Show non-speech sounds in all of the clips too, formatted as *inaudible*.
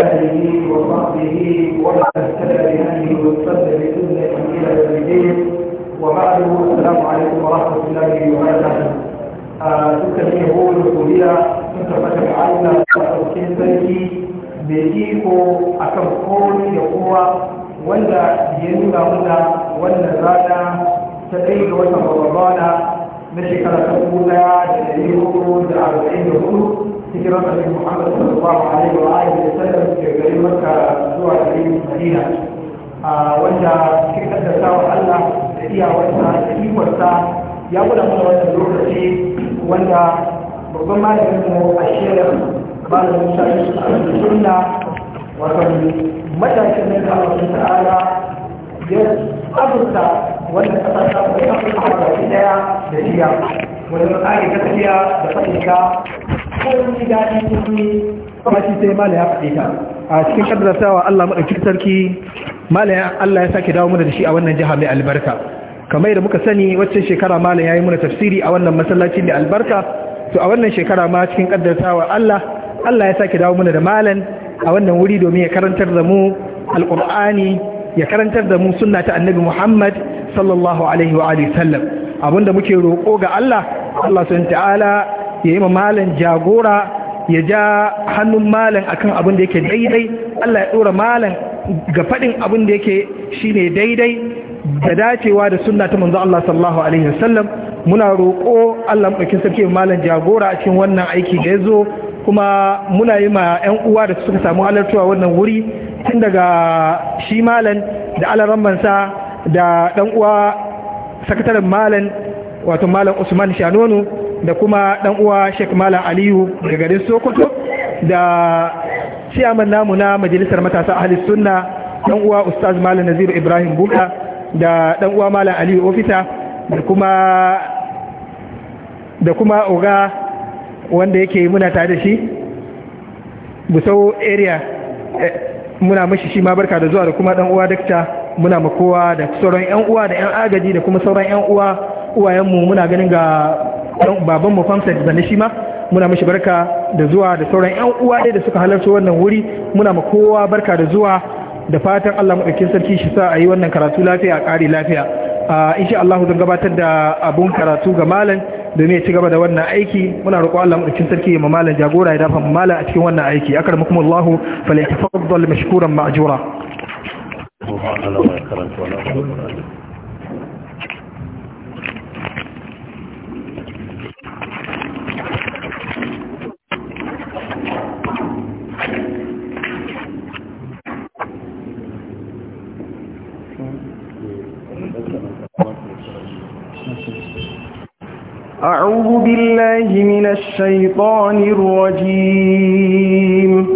أهله وصحبه ومن اهتدى بهديه واستنى بسنته إلى يوم الدين وبعد السلام عليكم ورحمة الله وبركاته suka ne horo kuriya sun tabbata ga Allah a ɗaukin sarki mai iko a kan kowani da kowa wanda ya nuna muna wannan rana ta ɗaya ga watan babana na shekara ta ɗaya da ɗari hudu da arba'in da hudu hijirar da Muhammad sallallahu alaihi wa alihi wasallam ke gari maka zuwa garin Madina wanda ke kaddasa wa Allah da iyawarsa da ikonsa ya gwada mana wannan lokaci wanda babban malamin mu a shirin malamin Musa Yusuf al-Sunna wato matakin da Allah ta'ala ya azurta wanda kasar ta kuma ta kuma da daya da jiya wajen tsari gaskiya da fahimta kun ji daɗi kun ba shi sai mala ya faɗi ta a cikin kaddartawa Allah maɗauki sarki mala ya Allah ya sake dawo mana da shi a wannan jiha mai albarka kamar da muka sani wacce shekara mala ya yi mana tafsiri a wannan masallaci mai albarka to a wannan shekara ma cikin kaddartawa Allah Allah ya sake dawo mana da malan a wannan wuri domin ya karantar da mu alƙur'ani ya karantar da mu sunna ta annabi Muhammad sallallahu alaihi wa alihi sallam abinda muke roƙo ga Allah Allah subhanahu ta'ala ya yi ma malam jagora ya ja hannun malam akan abin da yake daidai Allah ya dora malam ga faɗin abin da yake shine daidai da dacewa da sunna ta manzo Allah sallallahu alaihi wasallam muna roƙo Allah maɗaukin sarki malam jagora a cikin wannan aiki da ya zo kuma muna yi ma 'yan uwa da suka samu halartuwa wannan wuri tun daga shi malam da alarammansa da ɗan uwa sakataren malam wato malam usman shanonu da kuma dan uwa sheik malam aliyu daga garin sokoto da ciyaman namu na majalisar matasa ahli sunna dan uwa ustaz malam naziru ibrahim buka da dan uwa malam aliyu ofita da kuma da kuma oga wanda yake muna tare da shi busau area eh, muna mashi shi ma barka da zuwa da kuma dan uwa dakta muna ma kowa da sauran yan uwa da yan agaji da kuma sauran yan uwa uwayenmu muna ganin ga baban mu famsa da shi ma muna mishi barka da zuwa da sauran yan uwa da suka halarci wannan wuri muna ma kowa barka da zuwa da fatan Allah dauke sarki shi sa a yi wannan karatu lafiya a ƙari lafiya insha Allah zan gabatar da abun karatu ga malam domin ya ci gaba da wannan aiki muna roƙo Allah dauke sarki ma malam jagora ya dafa malam a cikin wannan aiki akramakumullahu falyatafaddal mashkuran ma'jura أعوذ بالله من الشيطان الرجيم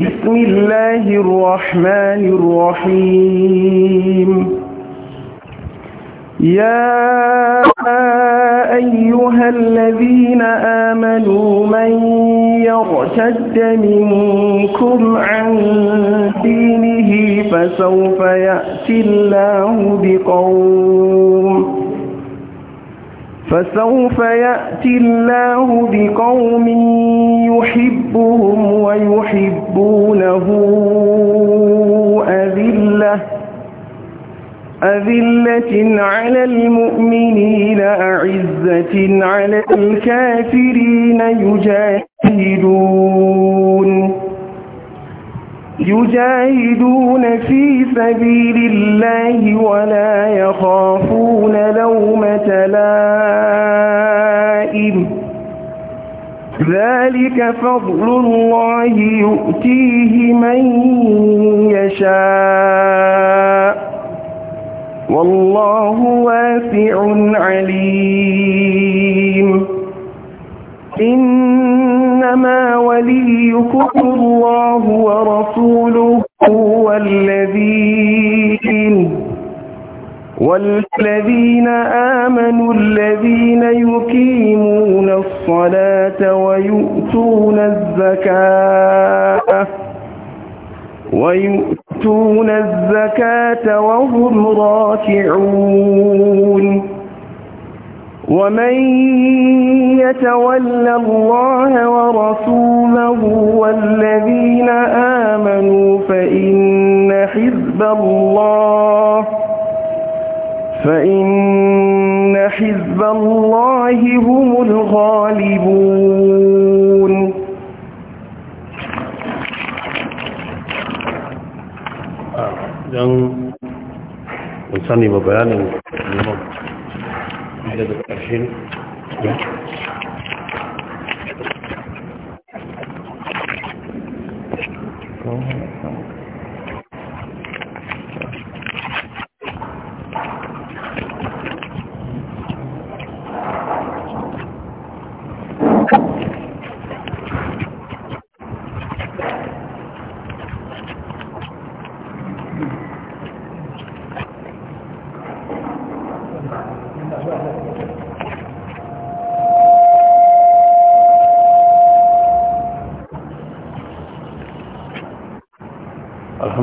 بسم الله الرحمن الرحيم يا أيها الذين آمنوا من يرتد منكم عن دينه فسوف يأتي الله بقوم فسوف يأتي الله بقوم يحبهم ويحبونه أذلة أذلة على المؤمنين أعزة على الكافرين يجاهدون يجاهدون في سبيل الله ولا يخافون لومة لائم ذلك فضل الله يؤتيه من يشاء والله واسع عليم ينصركم الله ورسوله والذين والذين آمنوا الذين يقيمون الصلاة ويؤتون الزكاة ويؤتون الزكاة وهم راكعون ومن يتول الله ورسوله والذين آمنوا فإن حزب الله فإن حزب الله هم الغالبون don sani ba daga ƙarshen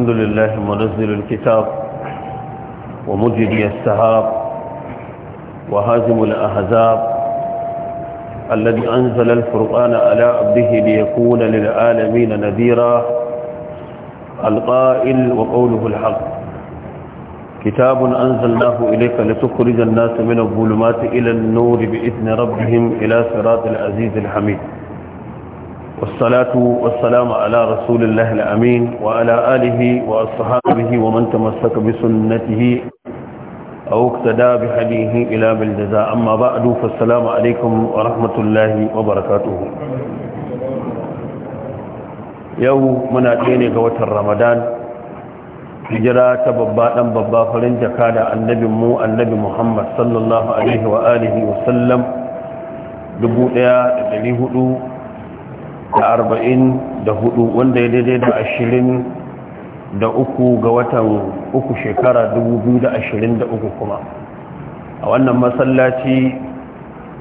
الحمد لله منزل الكتاب ومجدي السحاب وهازم الأحزاب الذي أنزل الفرقان على عبده ليكون للعالمين نذيرا القائل وقوله الحق كتاب أنزلناه إليك لتخرج الناس من الظلمات إلى النور بإذن ربهم إلى صراط العزيز الحميد والصلاة والسلام على رسول الله الأمين وعلى آله وأصحابه ومن تمسك بسنته أو اقتدى بحديه إلى بالجزاء أما بعد فالسلام عليكم ورحمة الله وبركاته يوم منادين قوة رمضان hijira ta babba dan babba farin jaka da annabin mu annabi Muhammad sallallahu alaihi wa alihi wa sallam 1440 da arba'in da hudu wanda ya daidai da ashirin da uku ga watan uku shekara dubu biyu da ashirin da uku kuma a wannan masallaci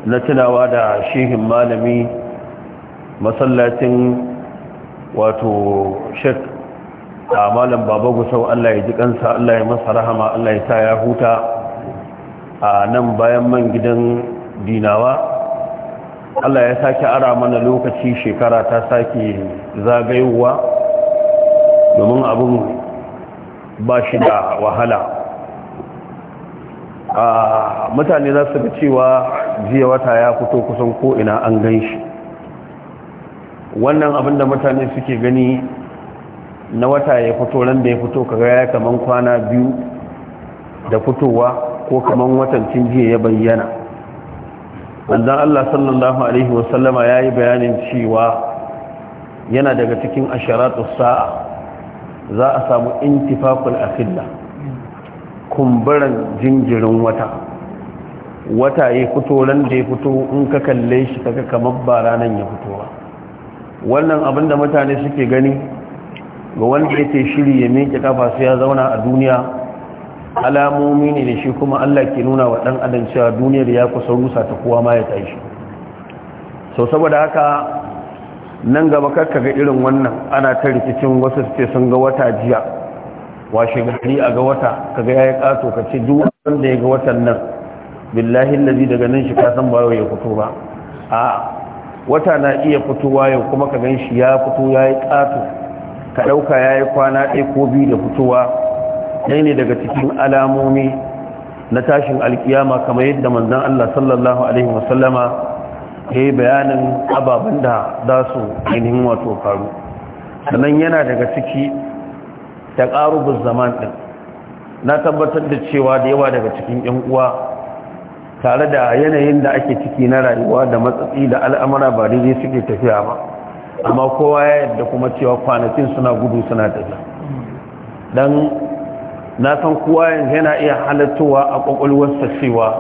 na tunawa da shehin malami masallacin wato shek a malam baba gusau allah ya ji kansa allah ya masa rahama allah ya sa ya huta a nan bayan man gidan dinawa Allah ya sake ara mana lokaci shekara ta sake zagayowa domin abin ba shi da wahala a mutane za su ga cewa jiya wata ya fito kusan ko'ina an gan shi wannan abin da mutane suke gani na wata ya fito ran da ya fito kaga ya kaman kwana biyu da fitowa ko kaman watancin jiya ya bayyana manzan Allah sallallahu Alaihi wasallama ya yi bayanin cewa yana daga cikin asharatu sa'a za a samu intifakul akilla kumburan jinjirin wata wata ya fito ran da ya fito in ka kalle shi kaga kamar ba ranar ya fito ba wannan abin da mutane suke gani ga wanda yake shiri ya miƙe kafa su ya zauna a duniya alamomi ne da shi kuma Allah ke nuna wa ɗan adam cewa duniyar ya kusa rusa ta kowa ma ya tashi so saboda haka nan gaba karka ga irin wannan ana ta rikicin wasu suke sun ga wata jiya washe gari a ga wata kaga yayi kato ka ce duk wanda ya ga watan nan billahi allazi daga nan shi ka san ba ya fito ba a wata na iya fitowa yau kuma ka gan shi ya fito yayi kato ka dauka yayi kwana ɗaya ko biyu da fitowa ɗaya ne daga cikin alamomi na tashin alkiyama kamar yadda manzan Allah sallallahu Alaihi wasallama ya yi bayanin ababen da za su ainihin wato faru sannan yana daga ciki ta ƙarubin zaman ɗin na tabbatar da cewa da yawa daga cikin ƴan uwa tare da yanayin da ake ciki na rayuwa da matsatsi da al'amura ba daidai suke tafiya ba amma kowa ya yadda kuma cewa kwanakin suna gudu suna tafiya don na san kowa yana iya halattowa a ƙwaƙwalwarsa cewa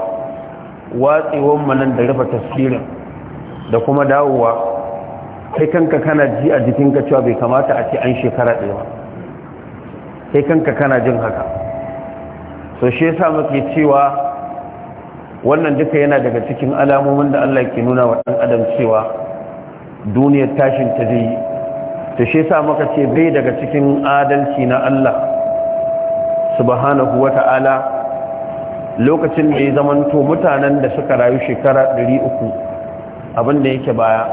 watsewar manan da rufe tasirin da kuma dawowa kai kanka kana ji a jikinka cewa bai kamata a ce an shekara ɗaya ba kai kanka kana jin haka so shi yasa muke cewa wannan duka yana daga cikin alamomin da Allah ke nuna wa ɗan adam cewa duniyar tashin ta zai to shi yasa muka ce bai daga cikin adalci na Allah subhanahu wa ta'ala lokacin da ya zamanto mutanen da suka rayu shekara 300 abinda yake baya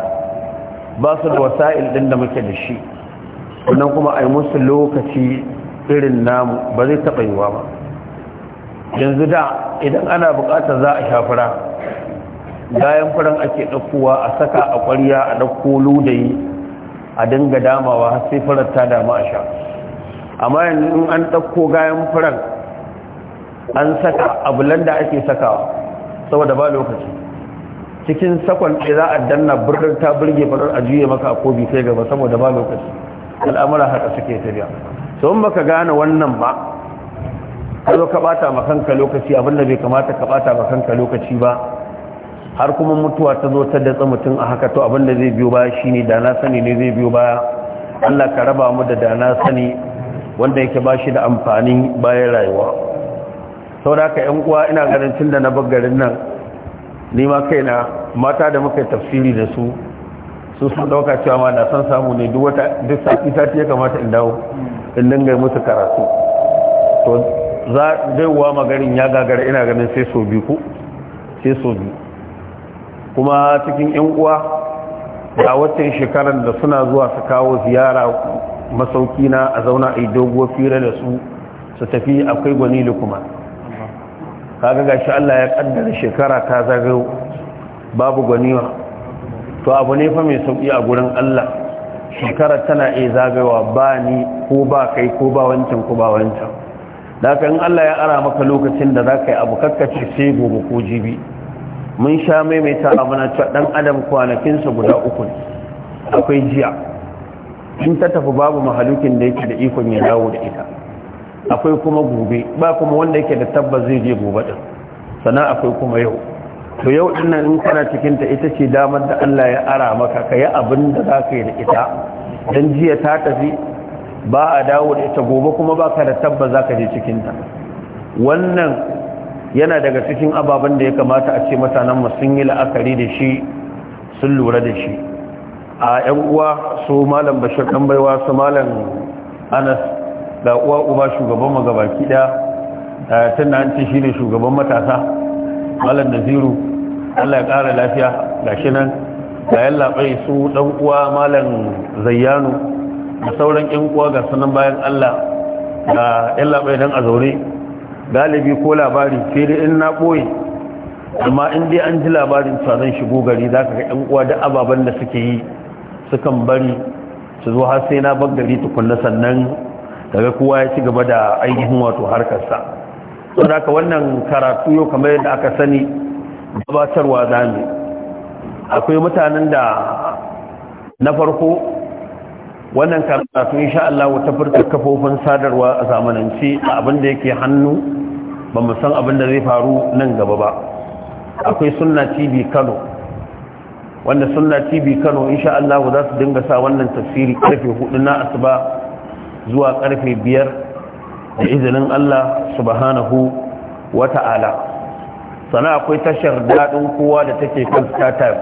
ba su da wasa'il ɗin da muke da shi wannan kuma a musu lokaci irin namu ba zai taɓa yiwa ba yanzu da idan ana bukata za a shafira bayan furen ake ɗaukowa a saka a ƙwariya a ɗauko ludayi a dinga damawa har sai furar ta dama a sha amma yanzu in an ɗauko gayan furen an saka abulan da ake sakawa saboda ba lokaci cikin sakon ɗaya za a danna birnin ta birge faɗar a juye maka a kobi sai gaba saboda ba lokaci al'amura haka suke tafiya so in gane wannan ba ka zo ka ɓata ma kanka lokaci abinda bai kamata ka ɓata ma kanka lokaci ba har kuma mutuwa ta zo ta datsa mutum a haka to abinda zai biyo baya shine da na sani ne zai biyo baya Allah ka raba mu da da na sani wanda yake ba shi da amfani bayan rayuwa sau da aka yan uwa ina ganin tun da na bagarin nan nema kaina mata da muka tafsiri da su su sun dauka cewa ma na san samu ne duk wata duk sati sati ya kamata in dawo in dinga musu karatu to za wa magarin ya gagara ina ganin sai so biyu ku sai so biyu kuma cikin yan uwa da wacce shekarar da suna zuwa su kawo ziyara masauki na a zauna a yi dogo fira da su su tafi akwai gwani da ka kaga gashi Allah ya kaddara shekara ta zagayo babu gwaniwa to abu ne fa mai sauki a gurin Allah shekarar tana iya zagayowa ba ni ko ba kai ko ba wancan ko ba wancan da kan in Allah ya ara maka lokacin da za yi abu kakkace sai gobe ko jibi mun sha maimaita abu na dan adam kwanakin kwanakinsa guda uku akwai jiya in ta tafi babu mahalukin da yake da ikon ya dawo da ita akwai kuma gobe ba kuma wanda yake da tabbas zai je gobe din sana akwai kuma yau to yau din in kana cikin ta ita ce damar da Allah ya ara maka ka yi abin da zaka yi da ita dan jiya ta tafi ba a dawo da ita gobe kuma ba ka da tabbas zaka ka je cikin ta wannan yana daga cikin ababen da ya kamata a ce mutanen mu sun yi la'akari da shi sun lura da shi a yan uwa su malam bashir kan baiwa su malam anas da uwa uba shugaban magabaki da eh, tun da hanci shi ne shugaban matasa malam naziru allah ya kara lafiya ga shi nan ga yan bai su dan uwa malam zayyano da sauran yan uwa ga sunan bayan allah ga yan bai don a zaure galibi ko labari sai dai in na ɓoye amma in dai an ji labarin cewa shigo gari za ka ga yan uwa da ababen da suke yi sukan bari su zo har sai na bar gari tukunna sannan daga kowa ya ci gaba da ainihin wato harkarsa don haka wannan karatu yau kamar yadda aka sani gabatarwa zami akwai mutanen da na farko wannan karatu insha Allah wata furta kafofin sadarwa a zamanance a abin da yake hannu ba mu san abin da zai faru nan gaba ba akwai sunna tv kano wanda sunna tv kano insha Allah za su dinga sa wannan tafsiri karfe hudu na asuba zuwa karfe biyar da izinin Allah subhanahu wa ta'ala sana akwai tashar daɗin kowa da take kan startup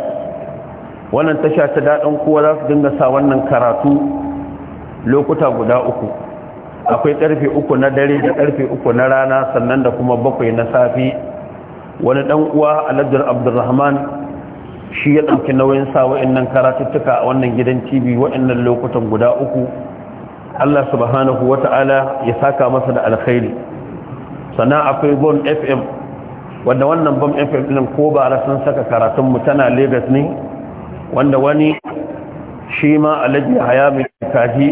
wannan tasha ta daɗin kowa za su dinga sa wannan karatu lokuta guda uku akwai karfe uku na dare da karfe uku na rana sannan da kuma bakwai na safi wani ɗan uwa alhajar abdulrahman shi ya ɗauki nauyin sa wa'annan karatuttuka a wannan gidan tv wa'annan lokutan guda uku allah subhanahu wata'ala ya saka masa da alkhairi sannan akwai bon fm wanda wannan bon fm ɗin ko ba ra sun saka karatunmu tana lagos ne wanda wani shi ma alaji haya mai kaji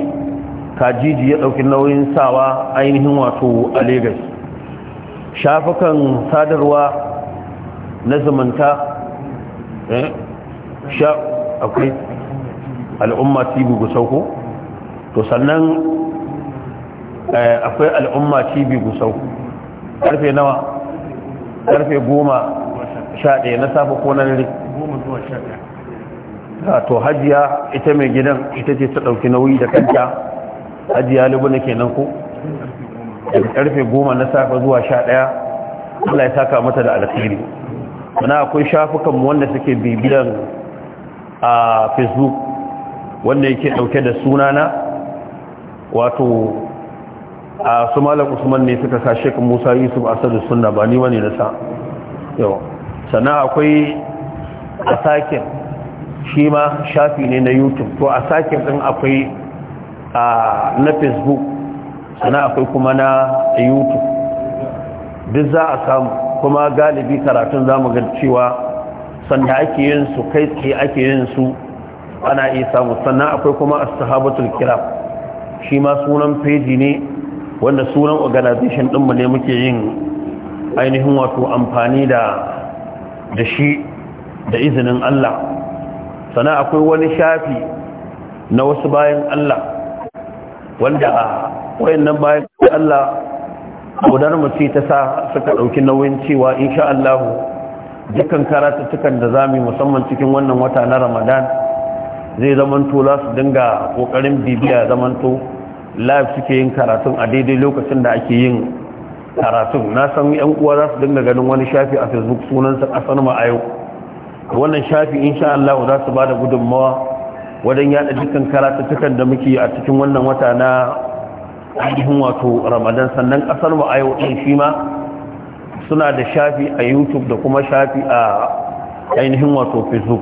kajiji ya ɗauki nauyin sawa ainihin wato a lagos shafukan sadarwa na zumunta Eh? sha akwai al'umma cibi gusau ko to sannan eh, akwai al'umma cibi sauko. karfe nawa karfe goma sha ɗaya na safe ko na nare goma zuwa sha ɗaya ah, to hajiya ita mai gidan ita ce ta ɗauki nauyi da kanta hajiya libuna kenan ko karfe goma na safe zuwa sha ɗaya Allah ya saka mata da alkhairi sana akwai shafukanmu wanda suke bibiyan a facebook wanda yake dauke da sunana wato a su malam usman ne suka sa sheik musa yusuf asadu sunna ba ni wani na yau sana akwai a sakin shi ma shafi ne na youtube to a sakin din akwai na facebook sana akwai kuma na youtube duk za a samu kuma galibi karatun zamu ga cewa sanda ake yin su kai tsaye ake yin su ana iya samu sannan akwai kuma ashabatul kiram shi ma sunan feji ne wanda sunan organization mu ne muke yin ainihin wato amfani da da shi da izinin Allah sannan akwai wani shafi na wasu bayan Allah wanda wayannan bayan Allah gudanar mace ta sa suka ɗauki nauyin cewa insha Allah dukkan karatuttukan da zami musamman cikin wannan wata na ramadan zai zamanto za su dinga ƙoƙarin bibiya zamanto live suke yin karatun a daidai lokacin da ake yin karatun na san yan uwa za su dinga ganin wani shafi a facebook sunansa ƙasar ma a yau wannan shafi insha Allah za su ba da gudunmawa wajen yada dukkan karatuttukan da muke a cikin wannan wata na ainihin wato ramadan sannan kasar mu ayo din shi ma suna da shafi a youtube da kuma shafi a ainihin wato facebook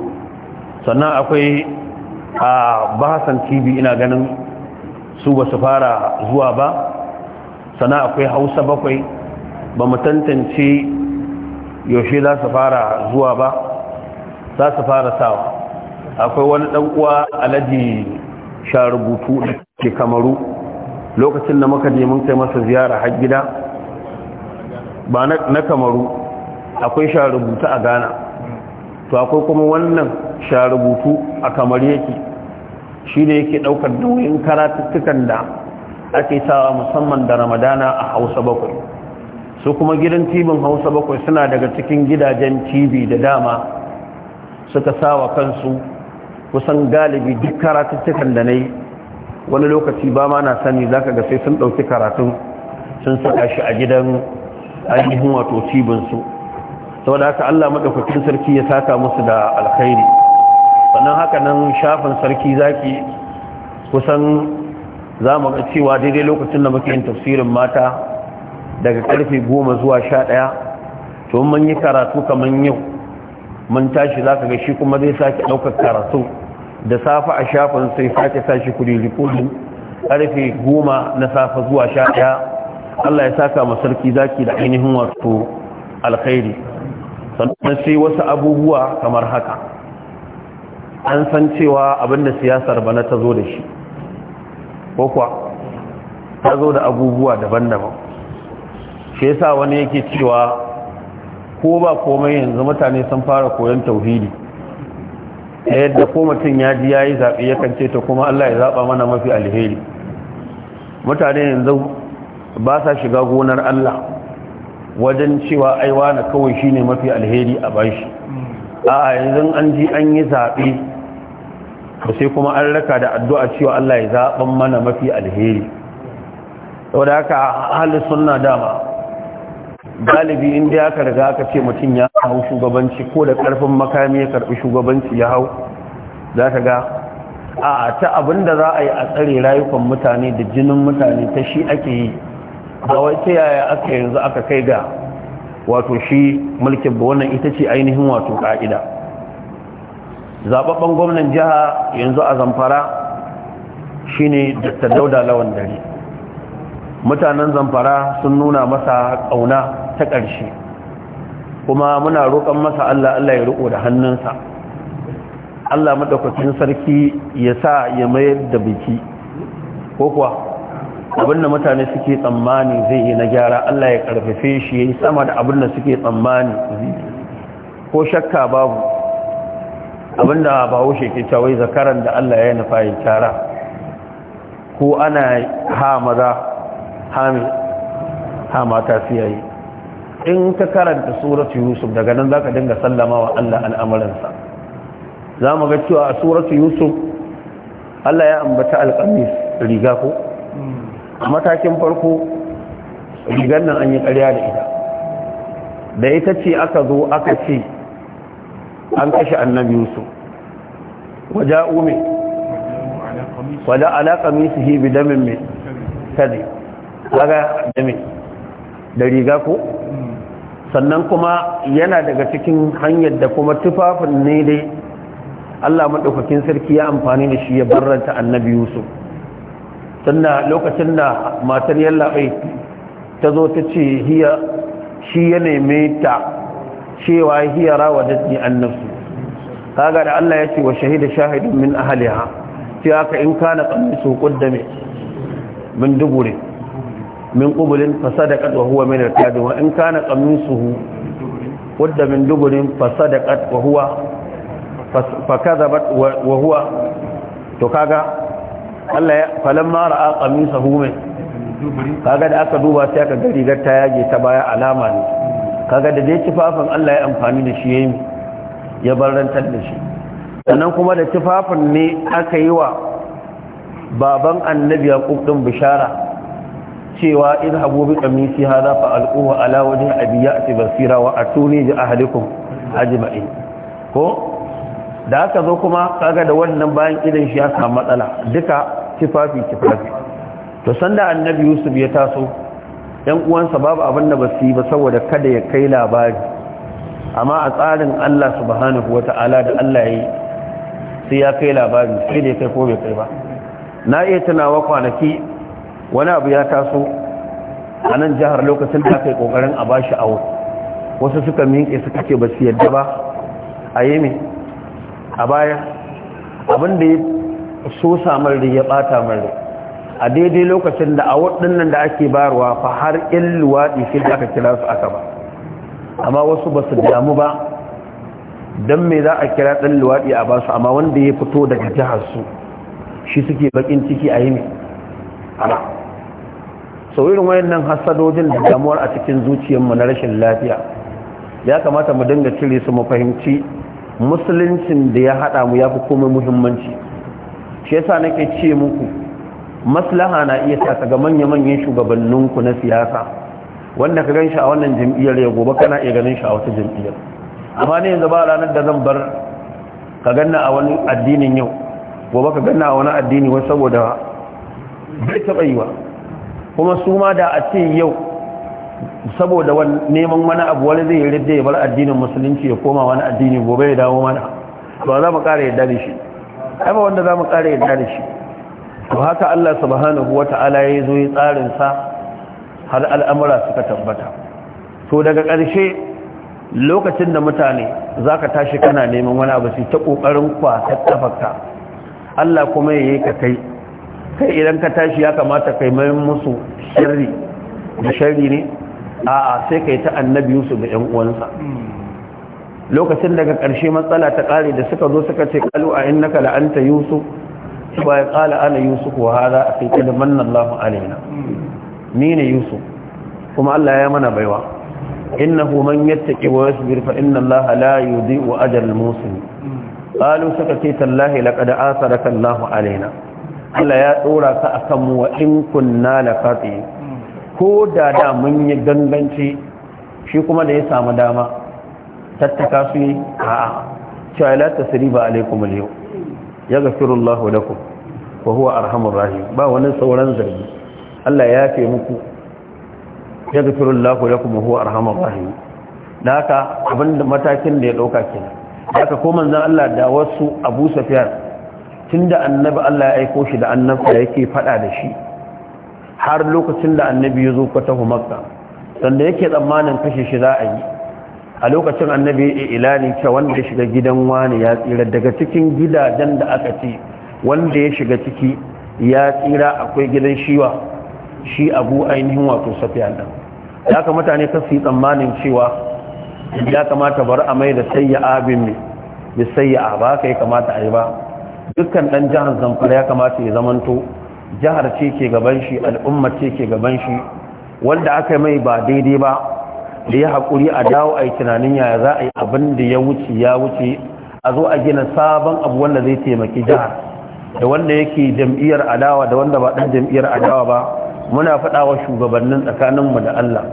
sannan akwai a bahasan tv ina ganin su ba su fara zuwa ba sannan akwai hausa bakwai ba mu tantance yaushe za su fara zuwa ba za su fara sawa akwai wani ɗan'uwa alaji sha rubutu da ke kamaru lokacin da muka je mun kai masa ziyara har gida ba na kamaru akwai sharubutu a ghana to akwai kuma wannan sharubutu a kamar yake shi ne yake daukar nauyin karatuttukan da ake sawa musamman da ramadana a hausa bakwai su kuma gidan tibin hausa bakwai suna daga cikin gidajen tibi da dama suka sawa kansu kusan galibi duk karatuttukan da na yi wani lokaci ba ma na sani zaka ga sai sun ɗauki karatun sun saka shi a gidan ainihin wato cibinsu saboda haka Allah madaukakin sarki ya saka musu da alkhairi sannan haka nan shafin sarki zaki kusan za mu ga cewa daidai lokacin da muke yin tafsirin mata daga karfe goma zuwa sha ɗaya to mun yi karatu kamar yau mun tashi za ka ga shi kuma zai sake ɗaukar karatu da safa a shafin sai sake sashi kuri rikudu karfe goma na safa zuwa sha ɗaya allah ya saka ma sarki zaki da ainihin wato alkhairi sannan sai wasu abubuwa kamar haka an san cewa abinda siyasar bana ta zo da shi ko kuwa ta zo da abubuwa daban-daban shi yasa wani yake cewa ko ba komai yanzu mutane sun fara koyon tauhidi yadda ko mutum ya ji ya yi zaɓe ya kance ta kuma Allah ya zaɓa mana mafi alheri mutane yanzu ba sa shiga gonar Allah wajen cewa aiwa na kawai shi ne mafi alheri a bashi a yanzu an ji an yi zaɓe sai kuma an raka da addu'a cewa Allah ya zaɓan mana mafi alheri saboda haka hali sunna dama galibi inda ya aka aka ce mutum ya hau shugabanci ko da karfin makami ya karbi shugabanci ya hau za ka ga a ta abin da za a yi a tsare rayukan mutane da jinin mutane ta shi ake yi a wai yaya aka yanzu aka kai ga wato shi mulkin ba wannan ita ce ainihin wato ka'ida zababben gwamnan jiha yanzu a zamfara shine dr dauda lawan dare mutanen zamfara sun nuna masa ƙauna ta ƙarshe kuma muna roƙon masa Allah Allah ya riƙo da hannunsa Allah madaukakin sarki ya sa ya mayar da biki ko kuwa abinda mutane suke tsammani zai yi na gyara Allah ya karfafe shi ya yi sama da abinda suke tsammani ko shakka babu abinda ba haushe ke cawai zakaran da Allah ya yi ya gyara ko ana ha maza hami ha mata yi in ka karanta suratu yusuf daga nan zaka dinga sallama wa Allah al'amuransa za mu ga cewa a suratu yusuf Allah ya ambata alƙamis riga ko a matakin farko rigar nan an yi ƙarya da ita da ita ce aka zo aka ce an kashe annabi yusuf waja'u me wada alaƙa misihi bidamin mai kadi kaga da me da riga ko sannan kuma yana daga cikin hanyar da kuma tufafin ne dai Allah maɗaukakin sarki ya amfani da shi ya barranta annabi Yusuf tunda lokacin da matar yallaɓai ta zo ta ce hiya shi ya neme ta cewa hiya rawa da kaga da Allah ya ce wa shahida shahidun min ahliha sai aka in kana qamisu qaddame bin dubure min qubulin fasadaqat wa huwa min al-kadhib wa in kana qamisuhu wadda min duburin fasadaqat wa huwa fakadhabat wa huwa to kaga Allah ya falamma ra'a qamisuhu min kaga da aka duba sai aka ga rigar ta yage ta baya alama ne kaga da dai tufafin Allah ya amfani da shi yayin ya barantar da shi sannan kuma da tufafin ne aka yi wa baban annabi yaqub din bishara cewa in habu bi kamisi za fa alquhu ala wajhi ce basira wa atuni bi ahalikun ajma'in ko da aka zo kuma kaga da wannan bayan idan shi ya samu matsala duka tifafi tifafi to sanda annabi yusuf ya taso yan uwansa babu abin da basu ba saboda kada ya kai labari amma a tsarin Allah subhanahu wata'ala da Allah yi sai ya kai labari sai da ya kai ko bai kai ba na iya tunawa kwanaki wani abu ya taso a nan jihar lokacin da aka yi kokarin a bashi awo wasu suka minke suka ce ba su yadda ba a yi mai a baya abinda ya so samar da ya bata mara a daidai lokacin da a waɗannan da ake barwa fa har in luwaɗi sai da aka kira su aka ba amma wasu ba su damu ba don me za a kira ɗan luwaɗi a basu amma wanda ya fito daga jihar su shi suke bakin ciki a yi mai sau irin wayannan hasadojin da damuwar a cikin zuciyarmu na rashin lafiya ya kamata mu dinga cire su mu fahimci musuluncin da ya haɗa mu ya fi komai muhimmanci shi yasa nake ce muku maslaha na iya sa ga manya-manyan shugabanninku na siyasa wanda ka gan a wannan jam'iyyar ya gobe kana iya ganin shi a wata jam'iyyar amma ne yanzu ba ranar da zan bar ka ganna a wani addinin yau gobe ka ganna a wani addini wai saboda bai taɓa yi wa kuma su ma da a ce yau saboda neman wani abu wani zai yarda ya bar addinin musulunci ya koma wani addini gobe ya dawo mana ba za mu ƙara yadda da shi ai ba wanda za mu ƙara yadda da shi to haka Allah subhanahu wata'ala ya zo ya tsarin sa har al'amura suka tabbata to daga ƙarshe lokacin da mutane zaka tashi kana neman wani abu sai ta ƙoƙarin kwa ta tafarka Allah kuma yayi ka kai kai idan ka tashi ya kamata kai mai musu sharri da shirri ne a'a sai kai ta annabi Yusuf da 'yan uwansa lokacin daga ƙarshe matsala ta ƙare da suka zo suka ce qalu a in naka la'anta Yusuf ba ya qala ana Yusuf wa hada akai kada manna Allah alaina ni ne Yusuf kuma Allah ya mana baiwa innahu man yattaqi wa yasbir fa inna Allah la yudhi'u ajra al-muslimin qalu suka ce tallahi laqad asaraka Allah alaina Allah ya ɗora su a kan wa in kunna la khati ko da da mun yi ganganci shi kuma da ya samu dama tattaka su yi a'a cewa siri ba alaikum al-yawm yaghfiru Allahu lakum wa huwa arhamur rahim ba wani sauran zargi Allah ya fi muku yaghfiru Allahu lakum wa huwa arhamur rahim da haka abinda matakin da ya dauka kenan haka ko manzon Allah da wasu Abu safiyar tun da annabi Allah ya aiko shi da da yake faɗa da shi har lokacin da annabi ya zo kwatahu makka sanda yake tsammanin kashe shi za a yi a lokacin annabi ya ilani cewa wanda ya shiga gidan wani ya tsira daga cikin gidajen da aka ce wanda ya shiga ciki ya tsira akwai gidan shiwa shi abu ainihin wato safiyan ɗan ya mutane ka tsammanin cewa ya kamata bar a mai da sayya abin mi da sayya ba ka yi kamata a yi ba dukkan ɗan jihar zamfara ya kamata ya zamanto jihar ce ke gaban shi al'umma ce ke gaban shi wanda aka mai ba daidai ba da ya haƙuri a dawo a yi tunanin yaya za a yi abin da ya wuce ya wuce a zo a gina sabon abu wanda zai taimaki jihar da wanda yake jam'iyyar adawa da wanda ba ɗan jam'iyyar adawa ba muna faɗa wa shugabannin tsakaninmu da allah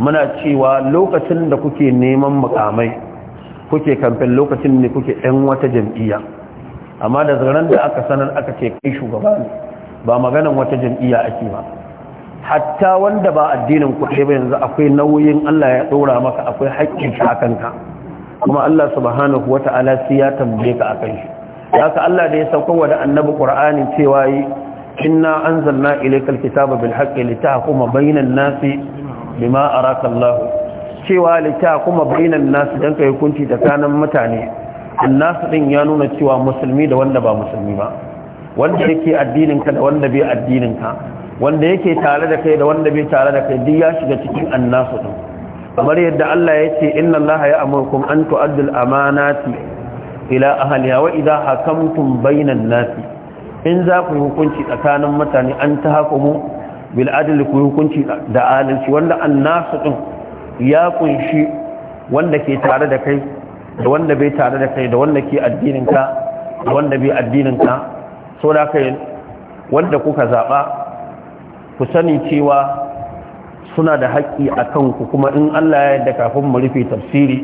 muna cewa lokacin da kuke neman mukamai kuke kamfen lokacin ne kuke 'yan wata jam'iyya amma da zaren da aka sanar aka ce kai shugaba ne ba maganan wata jam'iyya ake ba hatta wanda ba addinin kuɗi ba yanzu akwai nauyin Allah ya ɗora maka akwai haƙƙin shi akan ka kuma Allah subhanahu wata'ala sai ya tambaye ka akan shi haka Allah da ya saukowa da annabi Qur'ani cewa inna anzalna ilaykal kitaba bil haqqi litahkuma bainan nasi bima araka Allah cewa litahkuma bainan nasi dan kai hukunci tsakanin mutane annasu din ya nuna cewa musulmi da wanda ba musulmi ba wanda yake addininka da wanda bai addininka wanda yake tare da kai da wanda bai tare da kai duk ya shiga cikin annasu din kamar yadda Allah ya ce inna Allah ya amurkum an tu'addu al-amanati ila ahliha wa idha hakamtum bainan nasi in za ku hukunci tsakanin mutane an tahkumu bil adl ku hukunci da adalci wanda annasu din ya kunshi wanda ke tare da kai da wanda bai tare da kai da wanda ke addinin ka da wanda bai addinin ka so da kai wanda kuka zaɓa ku sani cewa suna da haƙƙi a kanku kuma in Allah ya yarda kafin mu rufe tafsiri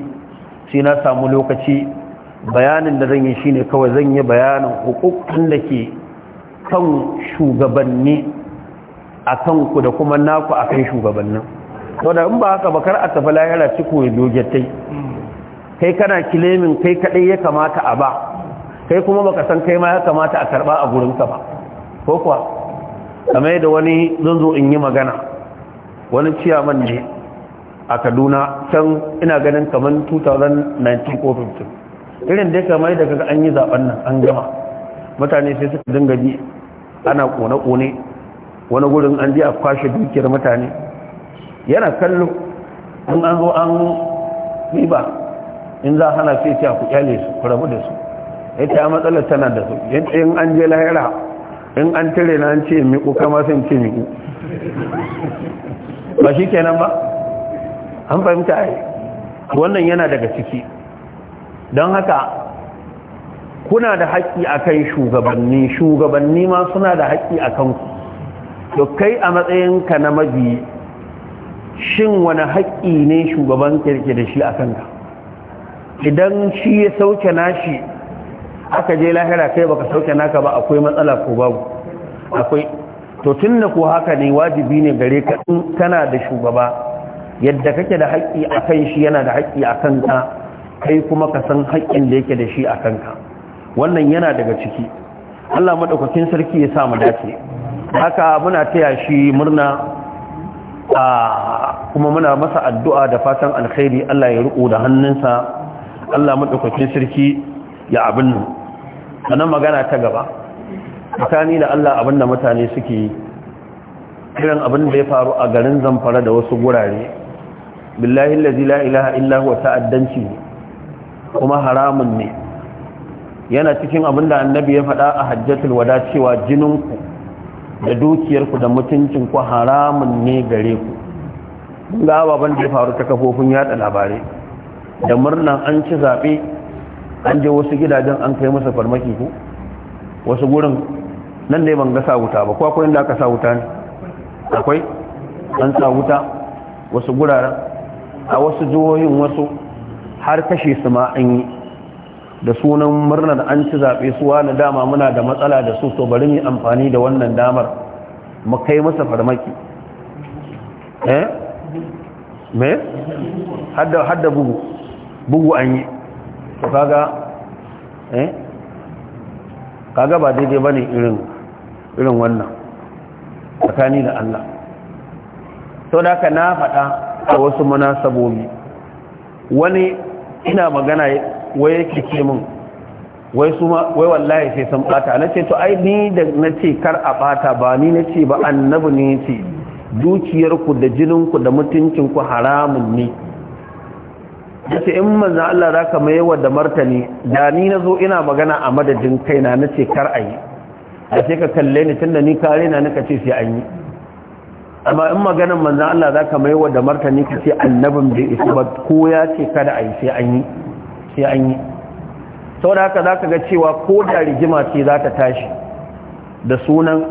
sai na samu lokaci bayanin da zan yi shi ne kawai zan yi bayanin hukukun da ke kan shugabanni a kanku da kuma naku a kan shugabannin wadda in ba haka bakar a tafi lahira ciko ya doge kai kana kilemin kai kadai ya kamata a ba kai kuma baka san kai ma ya kamata a karba a gurin ka ba ko kuwa kamar da wani zan in yi magana wani ciyaman ne a kaduna can ina ganin kamar 2019 ko 15 irin da kamar da kaga an yi zaben nan an gama mutane sai suka dinga bi ana kone-kone wani gurin an ji a kwashe dukiyar mutane yana kallo in an zo an riba in za hana sai ta ku kyale su ku rabu da su ta matsalar tana da su in an je lahira in an tare na an ce ku kama sun ce miƙu ba shi kenan ba an fahimta ai wannan yana daga ciki don haka kuna da haƙƙi akan shugabanni shugabanni ma suna da haƙƙi akan ku to kai a matsayinka na mabi shin wani haƙƙi ne shugaban kirki da shi a kanka idan shi ya sauke nashi aka je lahira kai baka sauke naka ba akwai matsala ko babu akwai to tunda ko haka ne wajibi ne gare ka in kana da shugaba yadda kake da haƙƙi akan shi yana da haƙƙi akan ka kai kuma ka san haƙƙin da yake da shi akan ka wannan yana daga ciki Allah madaukakin sarki ya sa mu dace haka muna taya shi murna a kuma muna masa addu'a da fatan alkhairi Allah ya riko da hannunsa Allah madaukakin sarki ya abin nan magana ta gaba tsakani da Allah abin da mutane suke yi irin abin da ya faru a garin zamfara da wasu gurare billahi allazi la ilaha illa huwa ta'addanci kuma haramun ne yana cikin abin da annabi ya faɗa a hajjatul wada cewa jininku da dukiyarku da mutuncinku haramun ne gare ku ga ababen da ya faru ta kafofin yada labarai da murnan an ci zaɓe an je wasu gidajen an kai masa farmaki ko wasu gurin nan ne ban ga sa wuta ba ko akwai inda aka sa wuta ne akwai an sa wuta wasu guraren a wasu jihohin wasu har kashe su ma an yi da sunan murnar an ci zaɓe su wani dama muna da matsala da su to bari mu amfani da wannan damar mu kai masa farmaki eh me hadda hadda bugu bugu an yi to kaga eh kaga ba daidai ba ne irin wannan tsakani da Allah to da ka na faɗa a wasu munasabobi wani ina magana wai yake ce min wai su wai wallahi sai sun bata na ce to ai ni da na ce kar a bata ba ni na ce ba annabi ne ce dukiyarku da jininku da mutuncinku haramun ne ce in manzan Allah ka mai yawa da martani da ni na zo ina magana a madadin kaina ce kar a yi. a ce ka kalle ni da ni kare na nika ce sai an yi amma in maganin manzan Allah ka mai yawa da martani ka ce annabin bai isa ba ko ya ce kada a sai an yi sai an yi Sau da haka za ka ga cewa ko da rigima ce za ta tashi da sunan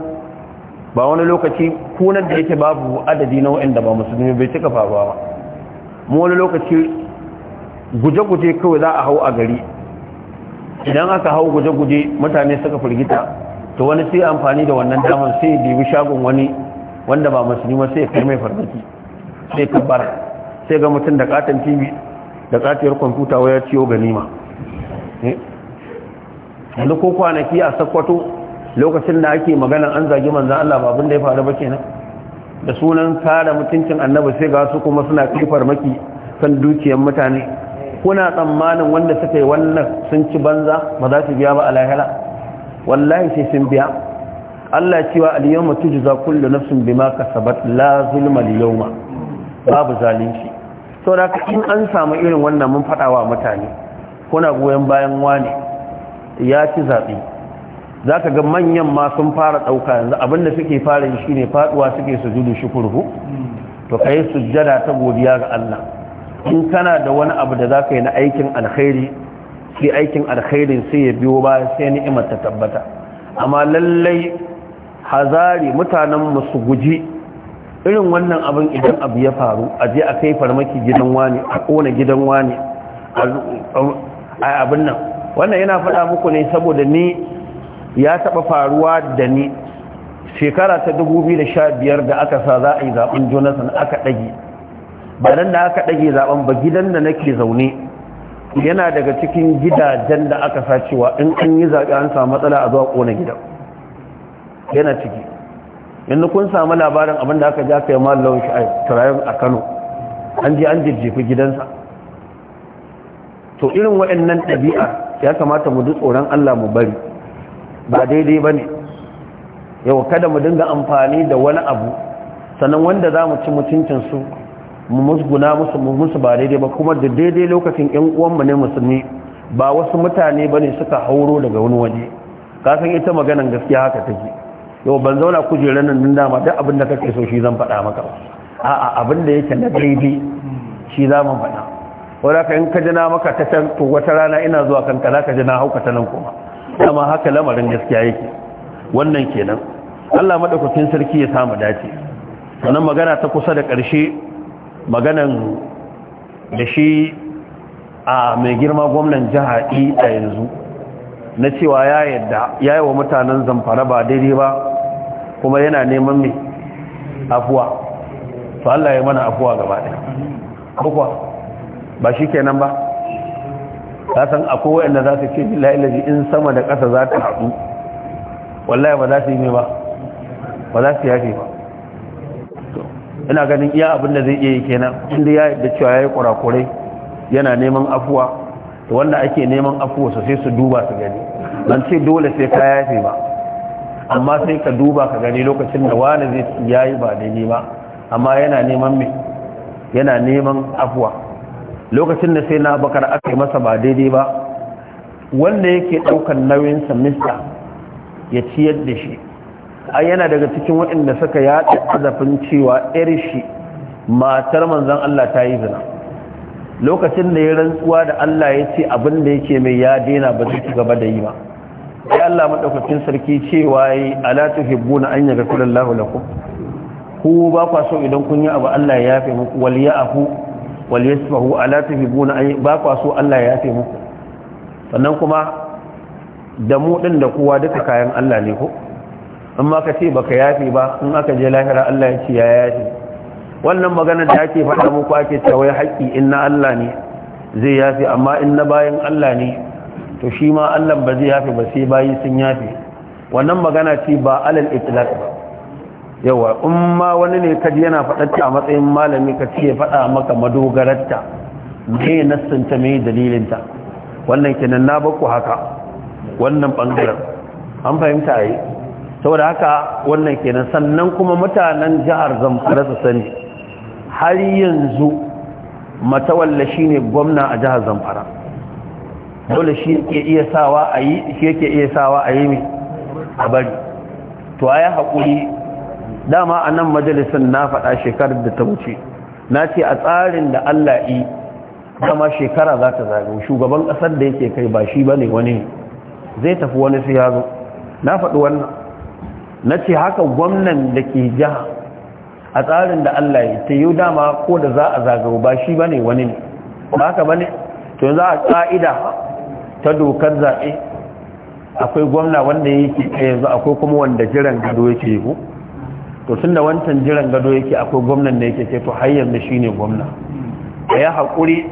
ba wani lokaci kunan da yake babu adadi na wa'anda ba musulmi bai cika faruwa ba mu wani lokaci guje-guje kawai za a hau a gari idan aka hau guje-guje mutane suka firgita to wani sai amfani da wannan damar sai dibi shagon wani wanda ba musulmi sai kai mai farmaki sai kabbar sai ga mutum da katon tv da katiyar kwamfuta waya ciyo ganima wani eh? ko kwanaki a sakwato lokacin da ake magana an zagi manzan Allah babin da ya faru ba kenan da sunan tara mutuncin annabi sai ga su kuma suna kai farmaki kan dukiyar mutane kuna tsammanin wanda suka yi wannan sun ci banza ba za su biya ba a lahira wallahi sai sun biya Allah cewa al-yawma tujza kullu nafsin bima kasabat la zulma al-yawma babu zalunci ka in an samu irin wannan mun fadawa mutane kuna goyen bayan wani ya ci zabi zaka ga manyan ma sun fara dauka yanzu Abin da suke fara yi shine faduwa suke sujudu shukuru to kai sujjada ta godiya ga Allah in kana da wani abu da za ka yi na aikin alkhairi sai aikin alkhairin sai ya biyo ba sai ni'imar ta tabbata amma lallai hazari mutanen su guji irin wannan abin idan abu ya faru a je a kai farmaki gidan wani a kona gidan wani a abin nan wannan yana faɗa muku ne saboda ni ya taɓa faruwa da ni shekara ta 2015 da aka sa za a yi zaɓen jonathan aka ɗage ba nan da aka ɗage zaben ba gidan da nake zaune yana daga cikin gidajen da aka sacewa in an yi zaɓe an samu matsala a zuwa ƙona gidan yana ciki yanzu kun samu labarin abin da aka ja kai mallon shi a turayen a kano an je an jirjefi gidansa to irin waɗannan ɗabi'a ya kamata mu ji tsoron allah mu bari ba daidai ba ne yau kada mu dinga amfani da wani abu sannan wanda za mu ci mutuncin su. mu musguna musu mu musu ba daidai ba kuma da daidai lokacin yan uwanmu ne musulmi ba wasu mutane ba ne suka hauro daga wani waje ka san ita maganan gaskiya haka take yau ban zauna kujerar nan din dama duk abin da kake so shi zan faɗa maka a'a abin da yake na daidai shi za mu faɗa wadda ka in ka jina maka ta can to wata rana ina zuwa kan ka ka jina hauka ta nan kuma amma haka lamarin gaskiya yake wannan kenan Allah madaukakin sarki ya samu dace sannan magana ta kusa da ƙarshe maganan da shi a mai girma gwamnan jiha a yanzu na cewa ya yadda ya yi wa mutanen zamfara ba daidai ba kuma yana neman mai afuwa to Allah ya mana afuwa gaba ɗaya kuwa ba shi kenan ba ta san akwai waɗanda za su ce billahi in sama da ƙasa za ta haɗu wallahi ba za su yi mai ba ba za su yafe ba ina ganin iya abin da zai iya yi kenan inda ya da cewa ya yi kurakurai yana neman afuwa to wanda ake neman afuwa sosai su duba su gani ban ce dole sai ka yafe ba amma sai ka duba ka gani lokacin da wani zai yi ba daidai ba amma yana neman mai yana neman afuwa lokacin da sai na bakar aka yi masa ba daidai ba wanda yake daukan nauyinsa mista ya ciyar da shi ai yana daga cikin waɗanda suka yaɗa azafin cewa yar shi matar manzan Allah ta yi zina lokacin da ya rantsuwa da Allah ya ce abin da yake mai ya daina ba zai gaba da yi ba ya Allah maɗaukacin sarki cewa ya yi ala na an ga kudin lakum ku ba kwa so idan kun yi abu Allah ya yafe muku wal ya'fu wal alatu ala na an ba kwa so Allah ya yafe muku sannan kuma da mu ɗin da kowa duka kayan Allah ne ko amma ka ce baka yafi ba in aka je lahira Allah ya ce ya yafe wannan magana da ake faɗa muku ake cewa wai haƙƙi in na Allah ne zai yafi amma in na bayan Allah ne to shi ma Allah ba zai yafi ba sai bayi sun yafi wannan magana ce ba alal itlaq ba yawa in ma wani ne kaji yana faɗarta a matsayin malami ka ce ya faɗa maka madogararta me nassinta me dalilinta wannan kenan na baku haka wannan bangaren an fahimta a yi saboda haka wannan kenan sannan kuma mutanen jihar zamfara su sani har yanzu matawalla shine gwamna a jihar zamfara dole shi ke iya sawa a yi shi ke iya sawa a yi a bari to a yi haƙuri dama a nan majalisun na faɗa shekarar da ta wuce na ce a tsarin da allah yi dama shekara za ta zago shugaban ƙasar da yake kai ba shi ba ne wani zai tafi wani su yazo na faɗi wannan na ce haka gwamnan da ke jiha a tsarin da Allah ya ta yi dama ko da za a zagaru ba shi ba ne wani ne ba haka ba ne to za a ƙa'ida ta dokar zaɓe akwai gwamna wanda yake yanzu akwai kuma wanda jiran gado yake yi to tun da wancan jiran gado yake akwai gwamnan da yake ke to har yanzu shi ne gwamna da ya haƙuri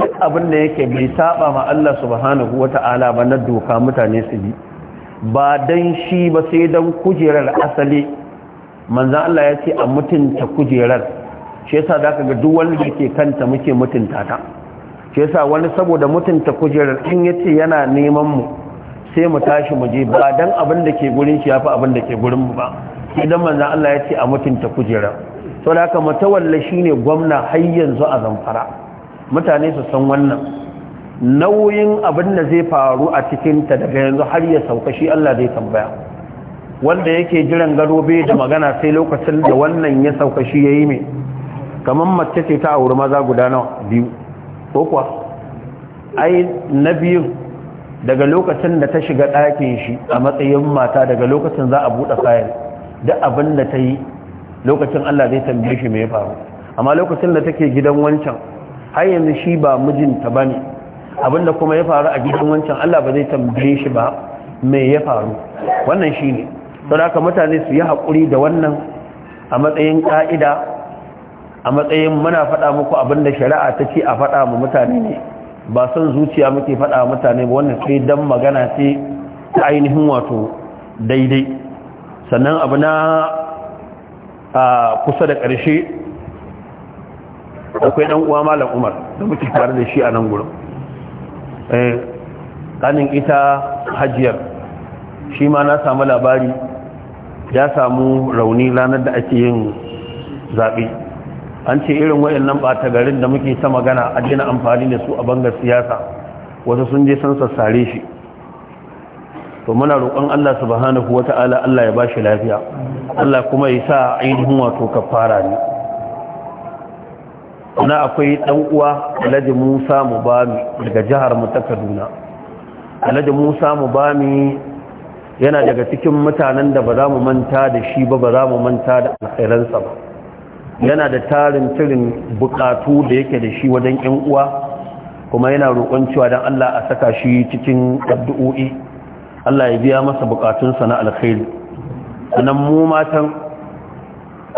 duk abin da yake bai saba ma Allah subhanahu wata'ala ba na doka mutane su bi ba don shi ba sai dan kujerar asali manzan Allah ya ce a mutunta kujerar shi yasa da ka ga duk wanda ke kanta muke mutunta ta shi yasa wani saboda mutunta kujerar in ya ce yana neman mu sai mu tashi mu je ba don abin da ke gurin shi ya fi abin da ke gurin mu ba idan manzan Allah ya ce a mutunta kujerar sau da haka matawalla shine gwamna har yanzu a zamfara mutane su san wannan nauyin abin da zai faru a cikinta daga yanzu har ya sauka shi Allah zai tambaya wanda yake jiran gado da magana sai lokacin da wannan ya sauka shi ya yi mai kamar mace ce ta auri maza guda nawa biyu ko kuwa ai na biyu daga lokacin da ta shiga ɗakin shi a matsayin mata daga lokacin za a buɗe kayan duk abin da ta yi lokacin Allah zai tambaye shi mai faru amma lokacin da take gidan wancan har yanzu shi ba mijinta bane Abin da kuma ya faru a gidan wancan Allah ba zai tambaye shi ba me ya faru wannan shine saboda ka mutane su yi hakuri da wannan a matsayin ka'ida a matsayin muna faɗa muku abinda shari'a ta ce a faɗa mu mutane ne ba son zuciya muke faɗa mutane ba wannan sai dan magana ce ta ainihin wato daidai sannan abu na a kusa da ƙarshe akwai ɗan uwa malam umar da muke tare da shi a nan gurin Eh, kanin ita hajiyar shi ma na samu labari ya samu rauni ranar da ake yin zaɓe an ce irin wayannan ɓata garin da muke ta magana a jina amfani da su a bangar siyasa wasu sun je san sassare shi to muna roƙon Allah subhanahu wata'ala Allah ya ba shi lafiya Allah kuma ya sa ainihin wato kafara ne na akwai uwa alhaji musa mubami daga jihar mu ta alhaji musa mubami yana daga cikin mutanen da ba za mu manta da shi ba ba za mu manta da alkhairansa ba yana da tarin tirin bukatu da yake da shi wajen yan uwa kuma yana roƙon cewa don allah a saka shi cikin addu'o'i allah ya biya masa bukatunsa na alkhairi sannan mu matan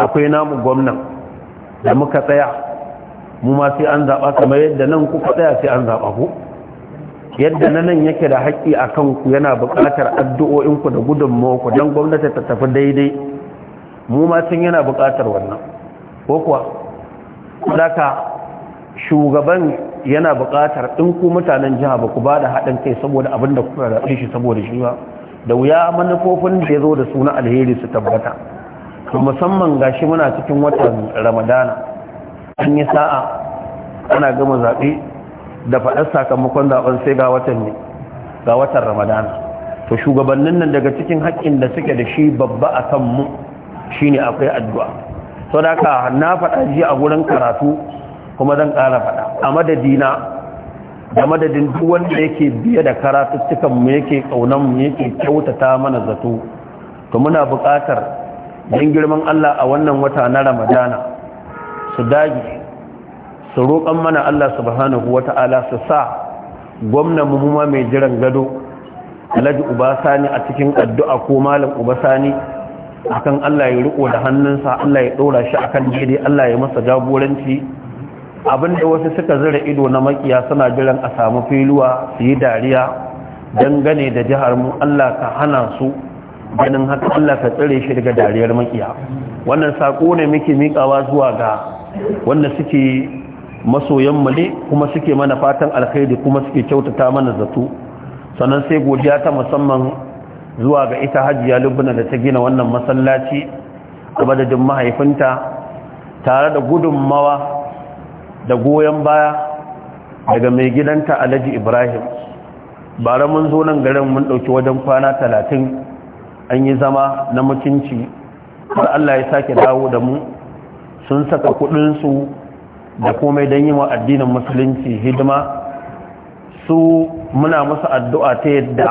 akwai namu gwamnan da muka tsaya mu ma sai an zaɓa kamar yadda nan kuka tsaya sai an zaɓa ku yadda na nan yake da haƙƙi a ku yana buƙatar addu'o'inku da ku don gwamnati ta tafi daidai mu ma sun yana buƙatar wannan ko kuwa daga shugaban yana buƙatar in ku mutanen jiha ba ku ba da haɗin kai saboda abin da shi saboda shi ba da wuya manufofin da ya zo da suna alheri su tabbata musamman gashi muna cikin watan ramadana an yi sa'a ana gama zaɓe da faɗar sakamakon zaɓen sai ga watan ne ga watan ramadana to shugabannin nan daga cikin haƙƙin da suke da shi babba a kan mu shine akwai addu'a to da ka na faɗa ji a wurin karatu kuma zan ƙara faɗa a madadina da madadin duk wanda yake biye da karatuttukan mu yake ƙaunan mu yake kyautata mana zato to muna buƙatar don girman Allah a wannan wata na ramadana su dagi su roƙon mana Allah subhanahu wata'ala su sa gwamnan mummuma mai jiran gado alhaji ubasani a cikin addu'a ko malam ubasani akan Allah ya riko da hannunsa Allah ya ɗora shi akan daidai Allah ya masa jagoranci abinda wasu suka zira ido na makiya suna jiran a samu filuwa su yi dariya gane da jihar mu Allah ka hana su ganin haka Allah ka tsire shi daga dariyar makiya wannan saƙo ne muke miƙawa zuwa ga wanda suke masoyan mu ne kuma suke mana fatan alkhairi kuma suke kyautata mana zato sannan sai godiya ta musamman zuwa ga ita hajiya lubna da ta gina wannan masallaci a madadin mahaifinta tare da gudunmawa da goyon baya daga mai gidanta alhaji ibrahim bara mun zo nan garin mun ɗauki wajen kwana talatin an yi zama na mutunci har allah ya sake dawo da mu sun saka kudinsu da komai don yi wa addinin musulunci hidima su muna musu addu'a ta yadda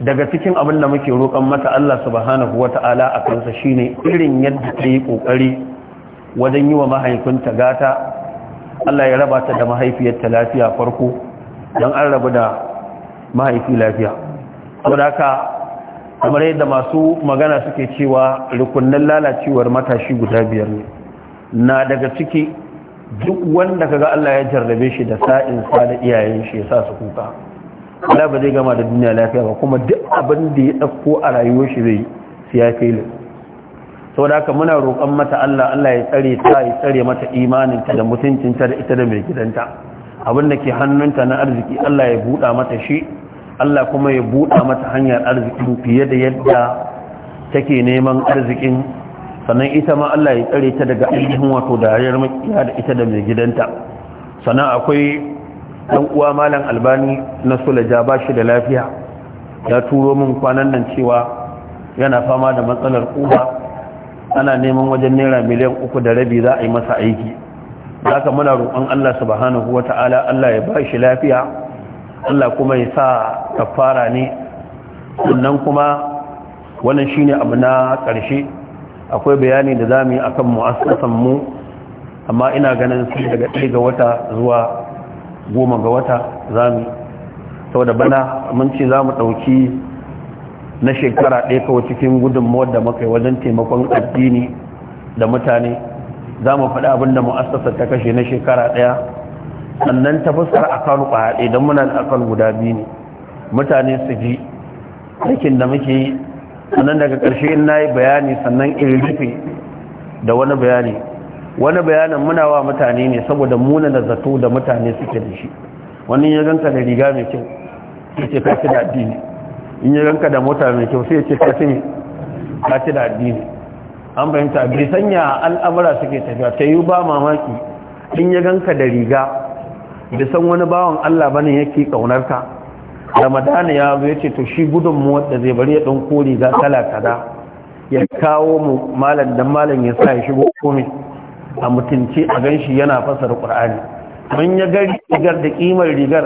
daga cikin abin da muke roƙon mata Allah subhanahu wa ta'ala a kansa shine irin yadda ta yi ƙoƙari wajen yi wa mahaifinta gata Allah ya raba ta da mahaifiyarta lafiya farko don an rabu da mahaifi lafiya. kamar yadda masu magana suke cewa rukunnan lalacewar matashi guda biyar ne na daga ciki duk wanda kaga Allah ya jarrabe shi da sa'in sa da iyayen shi ya sa su kuka Allah ba zai gama da duniya lafiya ba kuma duk abin da ya dauko a rayuwar shi zai siya sau saboda haka muna roƙon mata Allah Allah ya tsare ta ya tsare mata imaninta da mutuncin da ita da mai gidanta abin da ke hannunta na arziki Allah ya buɗa mata shi Allah kuma ya buɗa mata hanyar arzikin fiye da yadda take neman arzikin sannan ita ma Allah ya tsare ta daga ainihin wato dariyar makiya da ita da mai gidanta sannan akwai ɗan uwa malam albani na sulaja ba shi da lafiya ya turo min kwanan nan cewa yana fama da matsalar ƙuba ana neman wajen naira miliyan uku da rabi za a yi masa aiki Za ka muna roƙon Allah subhanahu wata'ala Allah ya ba shi lafiya Allah kuma ya sa kafara ne sannan kuma wannan shine abu na ƙarshe akwai bayani da zamu yi akan mu'assasan mu amma ina ganin sai daga 1 ga wata zuwa 10 ga wata zamu saboda bana mun ce zamu dauki na shekara ɗaya kawai cikin gudunmuwar da muka yi wajen taimakon addini da mutane za mu faɗi abinda da mu'assasa ta kashe na shekara ɗaya sannan ta fuskar kan kwaɗe don muna da akan guda biyu ne mutane su ji aikin da muke yi sannan daga ƙarshe in na yi bayani sannan in rufe da wani bayani wani bayanin muna wa mutane ne saboda muna da zato da mutane suke da shi wani ya ganka da riga mai kyau sai ce kaci da addini in ya ganka da mota mai kyau sai ce kashi da addini an fahimta bai sanya al'amura suke tafiya ta yi ba mamaki in ya ganka da riga bisan wani bawan Allah bane yake kaunar ka. ramadana ya zo yace to shi gudun mu wanda zai bari ya dan kori ga kala kada ya kawo mu malam dan malam ya sa ya shigo komai a mutunci a ganshi yana fasar qur'ani mun ya ga rigar da kimar rigar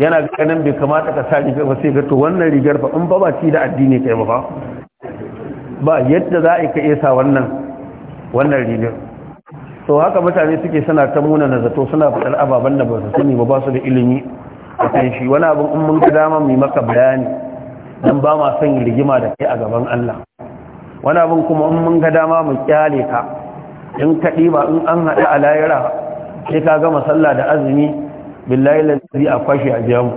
yana ganin bai kamata ka sa rigar ba sai ga to wannan rigar fa in ba ba ci da addini kai ba ba yadda za a ka isa wannan wannan rigar to haka mutane suke suna ta muna na zato suna faɗar ababen da ba su sani ba ba su da ilimi a kan shi wani abin in mun ga dama mai maka bayani dan ba ma son rigima da kai a gaban Allah wani abin kuma in mun ga dama mu kyale ka in ka ɗiba in an haɗu a layira sai ka gama sallah da azumi billahi lalzi a kwashe a biya mu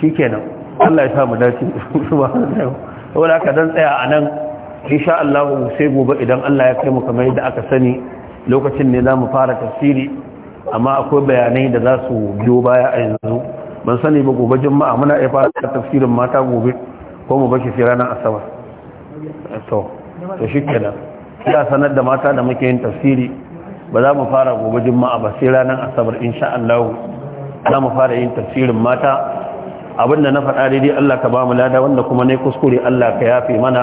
shikenan Allah ya sa mu dace *laughs* subhanahu wa ka dan tsaya a nan insha Allah sai gobe idan Allah ya kai mu kamar yadda aka sani lokacin ne za mu fara tafsiri amma akwai bayanai da za su biyo baya a yanzu ban sani ba gobe juma'a muna iya fara tafsirin mata gobe ko mu bashi sai ranar asabar to to shikenan ya sanar da mata da muke yin tafsiri ba za mu fara gobe juma'a ba sai ranar asabar insha Allah za mu fara yin tafsirin mata abinda na faɗa daidai Allah ka bamu lada wanda kuma ne kuskure Allah ka yafe mana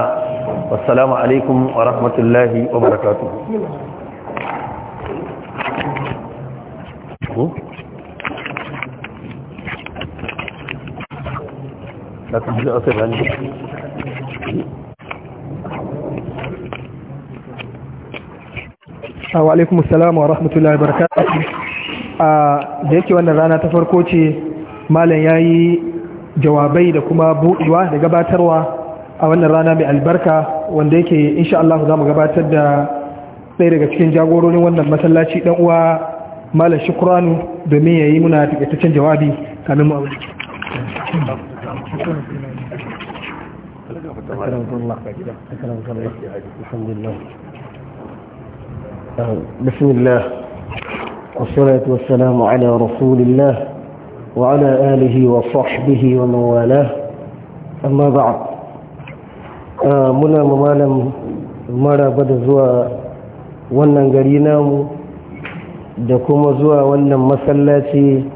wassalamu alaikum wa rahmatullahi wa barakatuh ko da alaikum wa rahmatullahi wa a da yake wannan rana ta farko ce malam yayi jawabai da kuma buɗewa da gabatarwa a wannan rana mai albarka wanda yake insha Allah za mu gabatar da ɗaya daga cikin jagororin wannan masallaci ɗan uwa malam shukranu domin ya yi muna takaitaccen jawabi kamin mu aure بسم الله والصلاة والسلام على رسول الله وعلى آله وصحبه ومن والاه أما بعد منا ممالا مرة بدأ زوا wannan gari namu da kuma zuwa wannan masallaci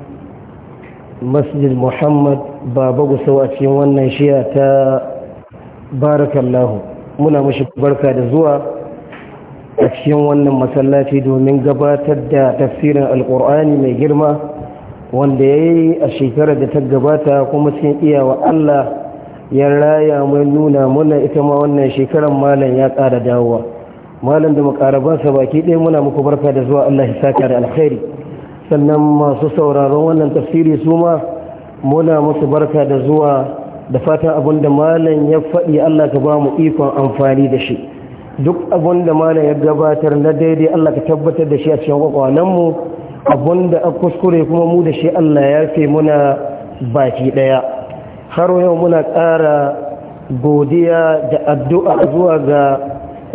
masjid muhammad baba gusau a cikin wannan shiya ta barakallahu muna mashi barka da zuwa a cikin wannan masallaci domin gabatar da tafsirin alkur'ani mai girma wanda ya yi a shekarar da ta gabata kuma cikin iyawa allah ya raya mai nuna muna ita ma wannan shekarar malam ya ƙara dawowa malam da makarabansa baki ɗaya muna muku barka da zuwa Allah ya saka da alkhairi sannan masu sauraron wannan tafsiri su ma muna musu barka da zuwa da fatan abin da malam ya faɗi Allah ka ba mu ikon amfani da shi duk abin da malam ya gabatar na daidai Allah ka tabbatar da shi a cikin kwakwalenmu abin da a kuskure kuma mu da shi Allah ya fi muna baki ɗaya har yau muna ƙara godiya da addu'a zuwa ga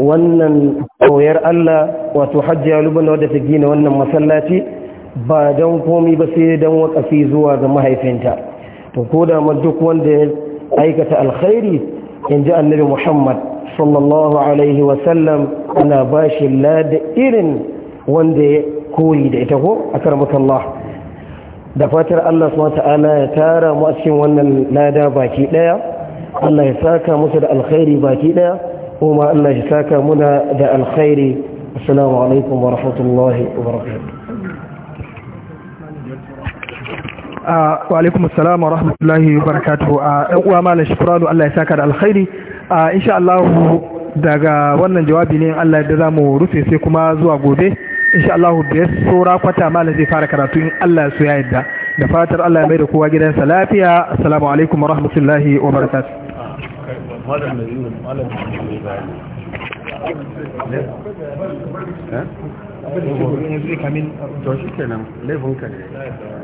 wannan koyar Allah wato hajjiya lubana wadda ta gina wannan masallaci ba don komi ba sai don wakafi zuwa ga mahaifinta to ko da ma duk wanda ya aikata alkhairi in ji annabi muhammad sallallahu alaihi wasallam ana ba shi lada irin wanda ya koyi da ita ko a Allah da fatar Allah subhanahu ta'ala ya tara mu a cikin wannan lada baki daya Allah ya saka musu da alkhairi baki daya kuma Allah shi saka ذا da alkhairi عليكم ورحمة الله وبركاته wa ah, wa alaikum assalam wa rahmatullahi wa barakatuh a ah, ɗan uwa malam shifranu Allah ya saka da alkhairi ah, insha Allah daga wannan jawabi ne Allah da zamu rufe sai kuma zuwa gobe insha Allah da saura kwata malam zai fara karatu in Allah so ya yadda da fatar Allah ya mai da kowa gidansa lafiya assalamu alaikum wa rahmatullahi wa barakatuh malam da yiwu malam da yiwu bayani ne? shi kenan laifinka ne